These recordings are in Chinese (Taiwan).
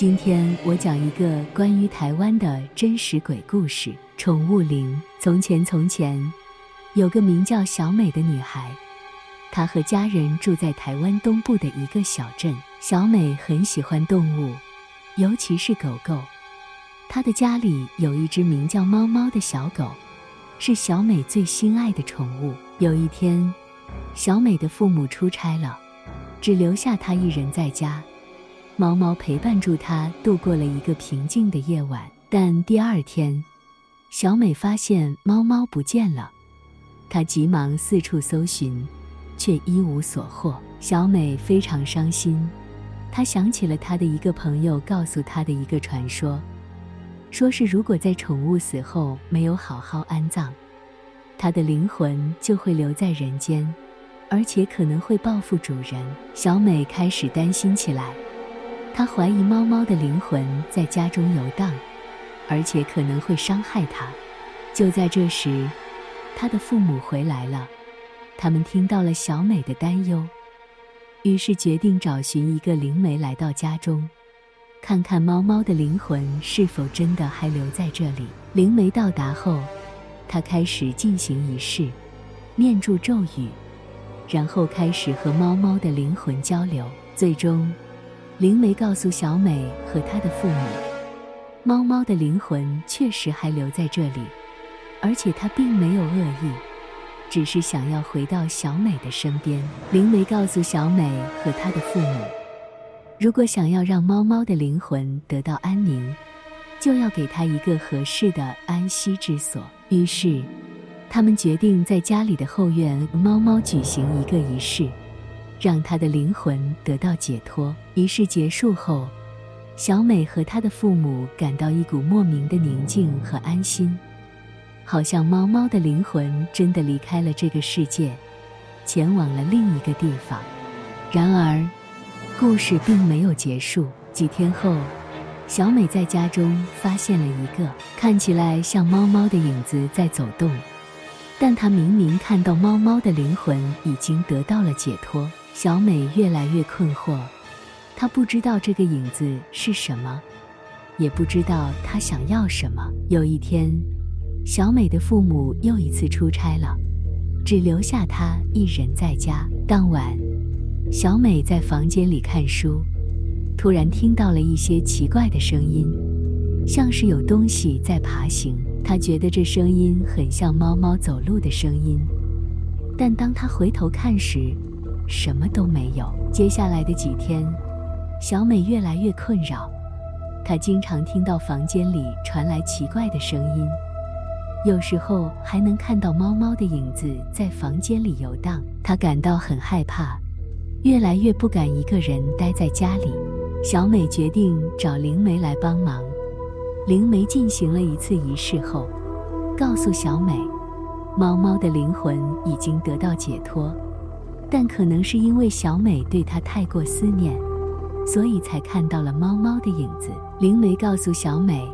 今天我講一個關於台灣的真實鬼故事——寵物靈。從前，從前，有個名叫小美的女孩，她和家人住在台灣東部的一個小鎮。小美很喜歡動物，尤其是狗狗。她的家裡有一隻名叫“貓貓”的小狗，是小美最心愛的寵物。有一天，小美的父母出差了，只留下她一人在家。貓貓陪伴住它度過了一個平靜的夜晚，但第二天，小美發現貓貓不見了，她急忙四處搜尋，卻一無所獲。小美非常傷心，她想起了她的一個朋友告訴她的一個傳說，說是如果在寵物死後沒有好好安葬，它的靈魂就會留在人間，而且可能會報復主人。小美開始擔心起來。他懷疑貓貓的靈魂在家中遊蕩，而且可能會傷害他。就在這時，他的父母回來了，他們聽到了小美的擔憂，於是決定找尋一個靈媒來到家中，看看貓貓的靈魂是否真的還留在這裡。靈媒到達後，他開始進行儀式，念出咒語，然後開始和貓貓的靈魂交流。最終。靈媒告訴小美和她的父母，貓貓的靈魂確實還留在這裡，而且它並沒有惡意，只是想要回到小美的身邊。靈媒告訴小美和她的父母，如果想要讓貓貓的靈魂得到安寧，就要給它一個合適的安息之所。於是，他們決定在家裡的後院為貓貓舉行一個儀式。讓他的靈魂得到解脫。儀式結束後，小美和她的父母感到一股莫名的寧靜和安心，好像貓貓的靈魂真的離開了這個世界，前往了另一個地方。然而，故事並沒有結束。幾天後，小美在家中發現了一個看起來像貓貓的影子在走動，但她明明看到貓貓的靈魂已經得到了解脫。小美越來越困惑，她不知道這個影子是什麼，也不知道他想要什麼。有一天，小美的父母又一次出差了，只留下她一人在家。當晚，小美在房間裡看書，突然聽到了一些奇怪的聲音，像是有東西在爬行。她覺得這聲音很像貓貓走路的聲音，但當她回頭看時，什麼都沒有。接下來的幾天，小美越來越困擾。她經常聽到房間裡傳來奇怪的聲音，有時候還能看到貓貓的影子在房間裡遊蕩。她感到很害怕，越來越不敢一個人待在家裡。小美決定找靈媒來幫忙。靈媒進行了一次儀式後，告訴小美，貓貓的靈魂已經得到解脫。但可能是因為小美對他太過思念，所以才看到了貓貓的影子。靈媒告訴小美，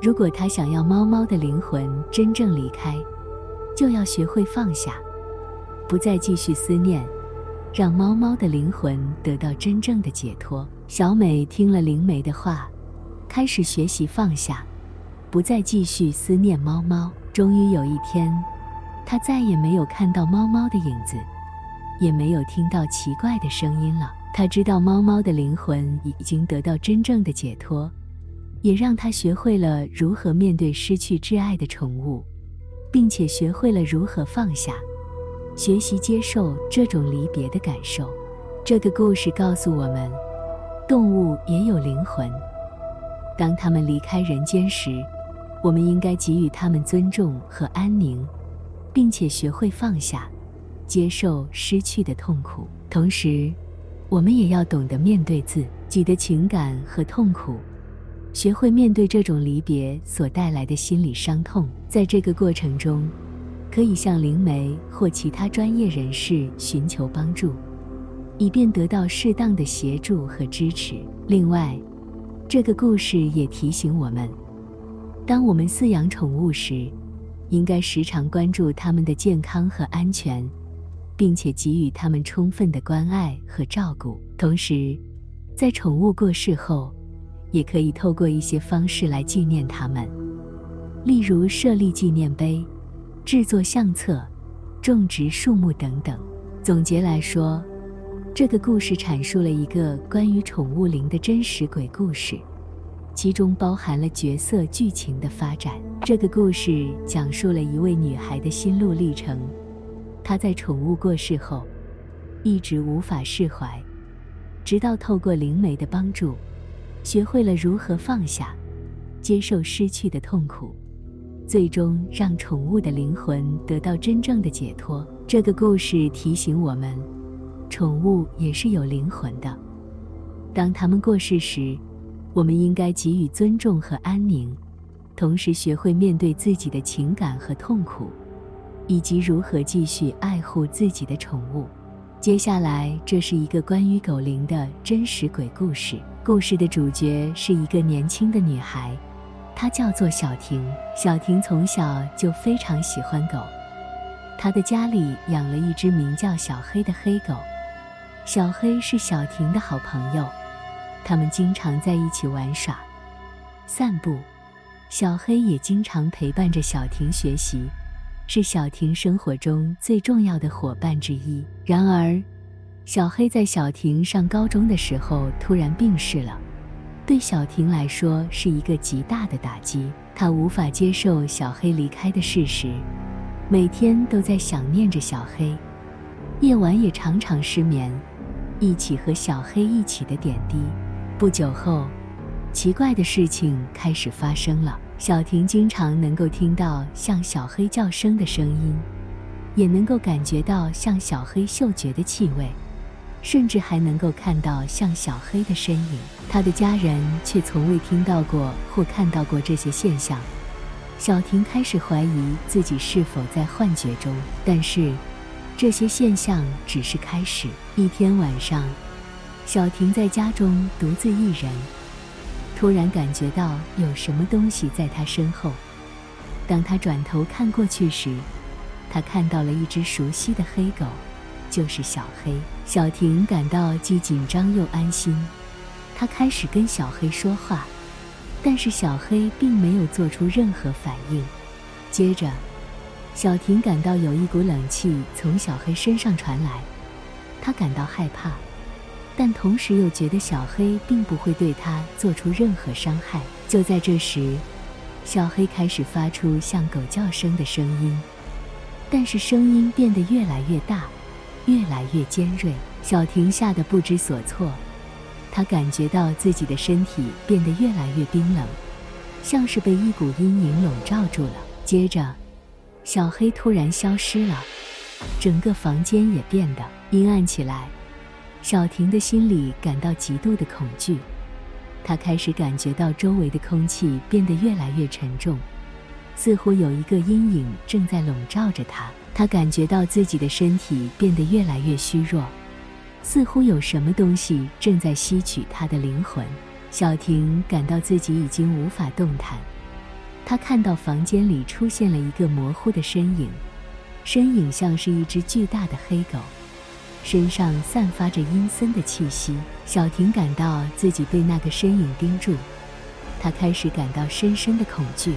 如果她想要貓貓的靈魂真正離開，就要學會放下，不再繼續思念，讓貓貓的靈魂得到真正的解脫。小美聽了靈媒的話，開始學習放下，不再繼續思念貓貓。終於有一天，她再也沒有看到貓貓的影子。也沒有聽到奇怪的聲音了。他知道貓貓的靈魂已經得到真正的解脫，也讓他學會了如何面對失去摯愛的寵物，並且學會了如何放下，學習接受這種離別的感受。這個故事告訴我們，動物也有靈魂。當它們離開人間時，我們應該給予它們尊重和安寧，並且學會放下。接受失去的痛苦，同時，我們也要懂得面對自己的情感和痛苦，學會面對這種離別所帶來的心理傷痛。在這個過程中，可以向靈媒或其他專業人士尋求幫助，以便得到適當的協助和支持。另外，這個故事也提醒我們，當我們飼養寵物時，應該時常關注它們的健康和安全。並且給予他們充分的關愛和照顧，同時，在寵物過世後，也可以透過一些方式來紀念他們，例如設立紀念碑、製作相冊、種植樹木等等。總結來說，這個故事闡述了一個關於寵物靈的真實鬼故事，其中包含了角色劇情的發展。這個故事講述了一位女孩的心路歷程。他在寵物過世後，一直無法釋懷，直到透過靈媒的幫助，學會了如何放下，接受失去的痛苦，最終讓寵物的靈魂得到真正的解脫。這個故事提醒我們，寵物也是有靈魂的。當他們過世時，我們應該給予尊重和安寧，同時學會面對自己的情感和痛苦。以及如何繼續愛護自己的寵物。接下來，這是一個關於狗靈的真實鬼故事。故事的主角是一個年輕的女孩，她叫做小婷。小婷從小就非常喜歡狗，她的家裡養了一隻名叫小黑的黑狗。小黑是小婷的好朋友，他們經常在一起玩耍、散步。小黑也經常陪伴着小婷學習。是小婷生活中最重要的夥伴之一。然而，小黑在小婷上高中的時候突然病逝了，對小婷來說是一個極大的打擊。她無法接受小黑離開的事實，每天都在想念着小黑，夜晚也常常失眠。一起和小黑一起的點滴，不久後，奇怪的事情開始發生了。小婷經常能夠聽到像小黑叫聲的聲音，也能夠感覺到像小黑嗅覺的氣味，甚至還能夠看到像小黑的身影。她的家人卻從未聽到過或看到過這些現象。小婷開始懷疑自己是否在幻覺中，但是這些現象只是開始。一天晚上，小婷在家中獨自一人。突然感覺到有什麼東西在她身後，當她轉頭看過去時，她看到了一隻熟悉的黑狗，就是小黑。小婷感到既緊張又安心，她開始跟小黑說話，但是小黑並沒有做出任何反應。接着，小婷感到有一股冷氣從小黑身上傳來，她感到害怕。但同時又覺得小黑並不會對他做出任何傷害。就在這時，小黑開始發出像狗叫聲的聲音，但是聲音變得越來越大，越來越尖銳。小婷嚇得不知所措，她感覺到自己的身體變得越來越冰冷，像是被一股陰影籠罩住了。接着，小黑突然消失了，整個房間也變得陰暗起來。小婷的心裡感到極度的恐懼，她開始感覺到周圍的空氣變得越來越沉重，似乎有一個陰影正在籠罩着她。她感覺到自己的身體變得越來越虛弱，似乎有什麼東西正在吸取她的靈魂。小婷感到自己已經無法動彈，她看到房間裡出現了一個模糊的身影，身影像是一隻巨大的黑狗。身上散發着陰森的氣息，小婷感到自己被那個身影盯住，她開始感到深深的恐懼，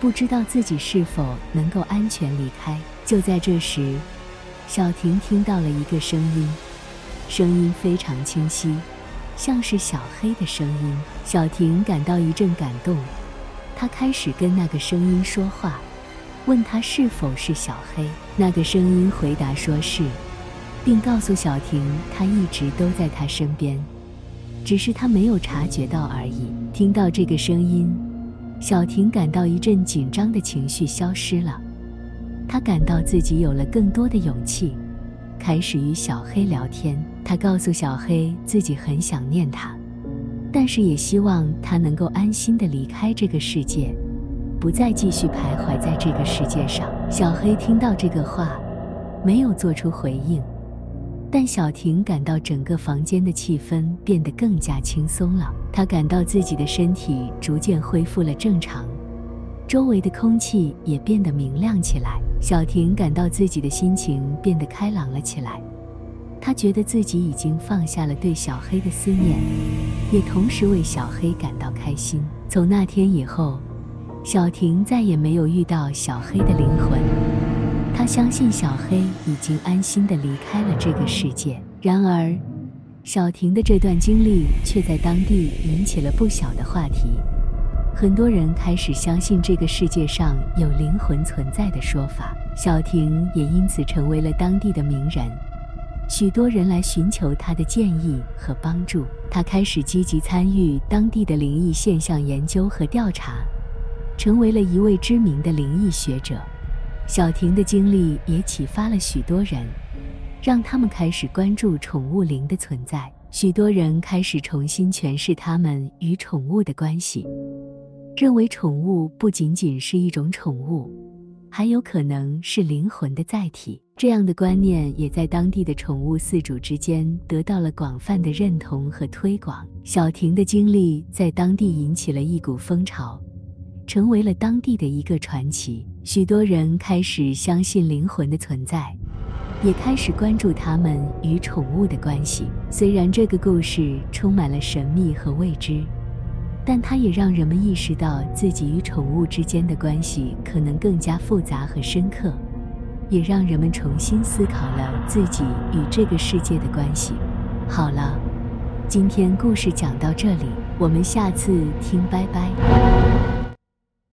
不知道自己是否能夠安全離開。就在這時，小婷聽到了一個聲音，聲音非常清晰，像是小黑的聲音。小婷感到一陣感動，她開始跟那個聲音說話，問他是否是小黑。那個聲音回答說：“是。”並告訴小婷，他一直都在他身邊，只是他沒有察覺到而已。聽到這個聲音，小婷感到一陣緊張的情緒消失了，她感到自己有了更多的勇氣，開始與小黑聊天。她告訴小黑自己很想念他，但是也希望他能夠安心地離開這個世界，不再繼續徘徊在這個世界上。小黑聽到這個話，沒有做出回應。但小婷感到整個房間的氣氛變得更加輕鬆了，她感到自己的身體逐漸恢復了正常，周圍的空氣也變得明亮起來。小婷感到自己的心情變得開朗了起來，她覺得自己已經放下了對小黑的思念，也同時為小黑感到開心。從那天以後，小婷再也沒有遇到小黑的靈魂。他相信小黑已經安心地離開了這個世界。然而，小婷的這段經歷卻在當地引起了不小的話題。很多人開始相信這個世界上有靈魂存在的說法。小婷也因此成為了當地的名人。許多人來尋求她的建議和幫助，她開始積極參與當地的靈異現象研究和調查，成為了一位知名的靈異學者。小婷的經歷也啟發了許多人，讓他們開始關注寵物靈的存在。許多人開始重新詮釋他們與寵物的關係，認為寵物不僅僅是一種寵物，還有可能是靈魂的載體。這樣的觀念也在當地的寵物飼主之間得到了廣泛的認同和推廣。小婷的經歷在當地引起了一股風潮。成為了當地的一個傳奇，許多人開始相信靈魂的存在，也開始關注他們與寵物的關係。雖然這個故事充滿了神秘和未知，但它也讓人們意識到自己與寵物之間的關係可能更加複雜和深刻，也讓人們重新思考了自己與這個世界的關係。好了，今天故事講到這裡，我們下次聽，拜拜。